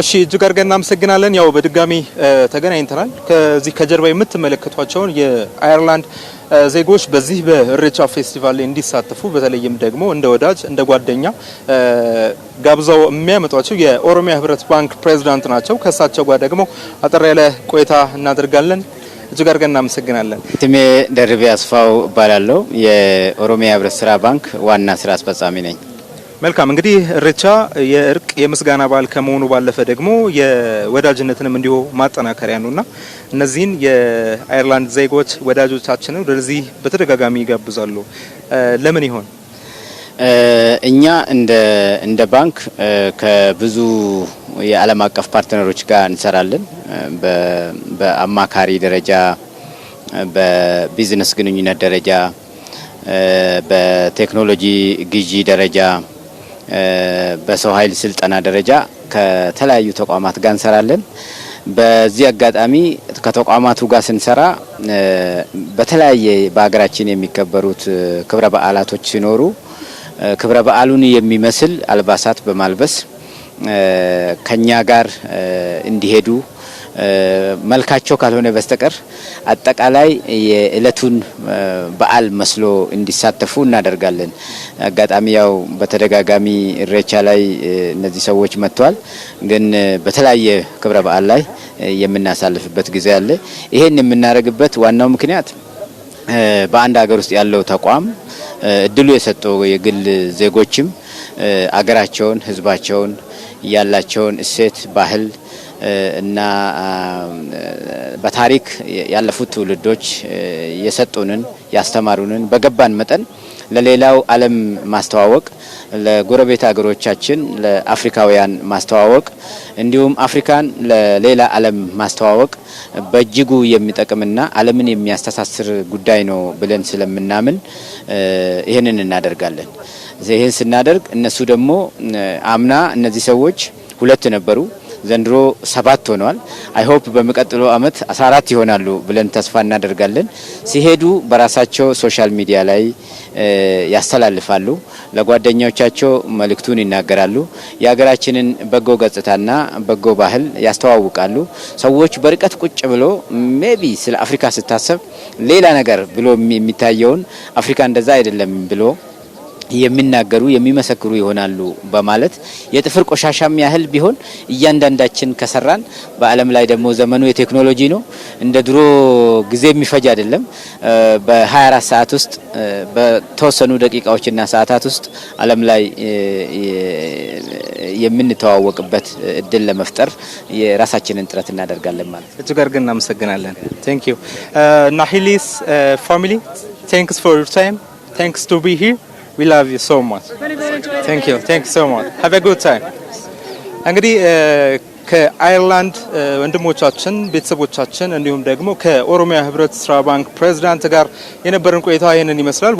እሺ እጅግ አድርገን እናመሰግናለን። ያው በድጋሚ ተገናኝተናል። ከዚህ ከጀርባ የምትመለከቷቸውን የአየርላንድ ዜጎች በዚህ በኢሬቻ ፌስቲቫል ላይ እንዲሳተፉ በተለይም ደግሞ እንደ ወዳጅ እንደ ጓደኛ ጋብዛው የሚያመጧቸው የኦሮሚያ ሕብረት ባንክ ፕሬዚዳንት ናቸው። ከእሳቸው ጋር ደግሞ አጠር ያለ ቆይታ እናደርጋለን። እጅግ አድርገን እናመሰግናለን። ስሜ ደርቤ አስፋው እባላለሁ። የኦሮሚያ ሕብረት ስራ ባንክ ዋና ስራ አስፈጻሚ ነኝ። መልካም እንግዲህ ርቻ የእርቅ የምስጋና በዓል ከመሆኑ ባለፈ ደግሞ የወዳጅነትንም እንዲሁ ማጠናከሪያ ነውና እነዚህን የአይርላንድ ዜጎች ወዳጆቻችንን ወደዚህ በተደጋጋሚ ይጋብዛሉ። ለምን ይሆን? እኛ እንደ እንደ ባንክ ከብዙ የዓለም አቀፍ ፓርትነሮች ጋር እንሰራለን። በአማካሪ ደረጃ፣ በቢዝነስ ግንኙነት ደረጃ፣ በቴክኖሎጂ ግዢ ደረጃ በሰው ኃይል ስልጠና ደረጃ ከተለያዩ ተቋማት ጋር እንሰራለን። በዚህ አጋጣሚ ከተቋማቱ ጋር ስንሰራ በተለያየ በሀገራችን የሚከበሩት ክብረ በዓላቶች ሲኖሩ ክብረ በዓሉን የሚመስል አልባሳት በማልበስ ከኛ ጋር እንዲሄዱ መልካቸው ካልሆነ በስተቀር አጠቃላይ የእለቱን በዓል መስሎ እንዲሳተፉ እናደርጋለን። አጋጣሚ ያው በተደጋጋሚ እሬቻ ላይ እነዚህ ሰዎች መጥተዋል፣ ግን በተለያየ ክብረ በዓል ላይ የምናሳልፍበት ጊዜ አለ። ይሄን የምናደርግበት ዋናው ምክንያት በአንድ ሀገር ውስጥ ያለው ተቋም እድሉ የሰጠው የግል ዜጎችም አገራቸውን፣ ህዝባቸውን ያላቸውን እሴት ባህል እና በታሪክ ያለፉት ትውልዶች የሰጡንን ያስተማሩንን በገባን መጠን ለሌላው ዓለም ማስተዋወቅ፣ ለጎረቤት ሀገሮቻችን ለአፍሪካውያን ማስተዋወቅ፣ እንዲሁም አፍሪካን ለሌላ ዓለም ማስተዋወቅ በእጅጉ የሚጠቅምና ዓለምን የሚያስተሳስር ጉዳይ ነው ብለን ስለምናምን ይህንን እናደርጋለን። ይህን ስናደርግ እነሱ ደግሞ አምና እነዚህ ሰዎች ሁለት ነበሩ። ዘንድሮ ሰባት ሆነዋል። አይሆፕ በሚቀጥለው አመት 14 ይሆናሉ ብለን ተስፋ እናደርጋለን። ሲሄዱ በራሳቸው ሶሻል ሚዲያ ላይ ያስተላልፋሉ፣ ለጓደኞቻቸው መልእክቱን ይናገራሉ፣ የሀገራችንን በጎ ገጽታና በጎ ባህል ያስተዋውቃሉ። ሰዎች በርቀት ቁጭ ብሎ ሜቢ ስለ አፍሪካ ስታሰብ ሌላ ነገር ብሎ የሚታየውን አፍሪካ እንደዛ አይደለም ብሎ የሚናገሩ የሚመሰክሩ ይሆናሉ በማለት የጥፍር ቆሻሻም ያህል ቢሆን እያንዳንዳችን ከሰራን፣ በዓለም ላይ ደግሞ ዘመኑ የቴክኖሎጂ ነው። እንደ ድሮ ጊዜ የሚፈጅ አይደለም። በ24 ሰዓት ውስጥ በተወሰኑ ደቂቃዎችና ሰዓታት ውስጥ ዓለም ላይ የምንተዋወቅበት እድል ለመፍጠር የራሳችንን ጥረት እናደርጋለን ማለት ነው። እጅጋር ግን እናመሰግናለን። ቴንክ ዩ ናሂሊስ ፋሚሊ ቴንክስ ፎር ዩር ታይም ቴንክስ ቱ ቢ ሂር እንግዲህ ከአይርላንድ ወንድሞቻችን ቤተሰቦቻችን፣ እንዲሁም ደግሞ ከኦሮሚያ ህብረት ስራ ባንክ ፕሬዚዳንት ጋር የነበረን ቆይታ ይህንን ይመስላል።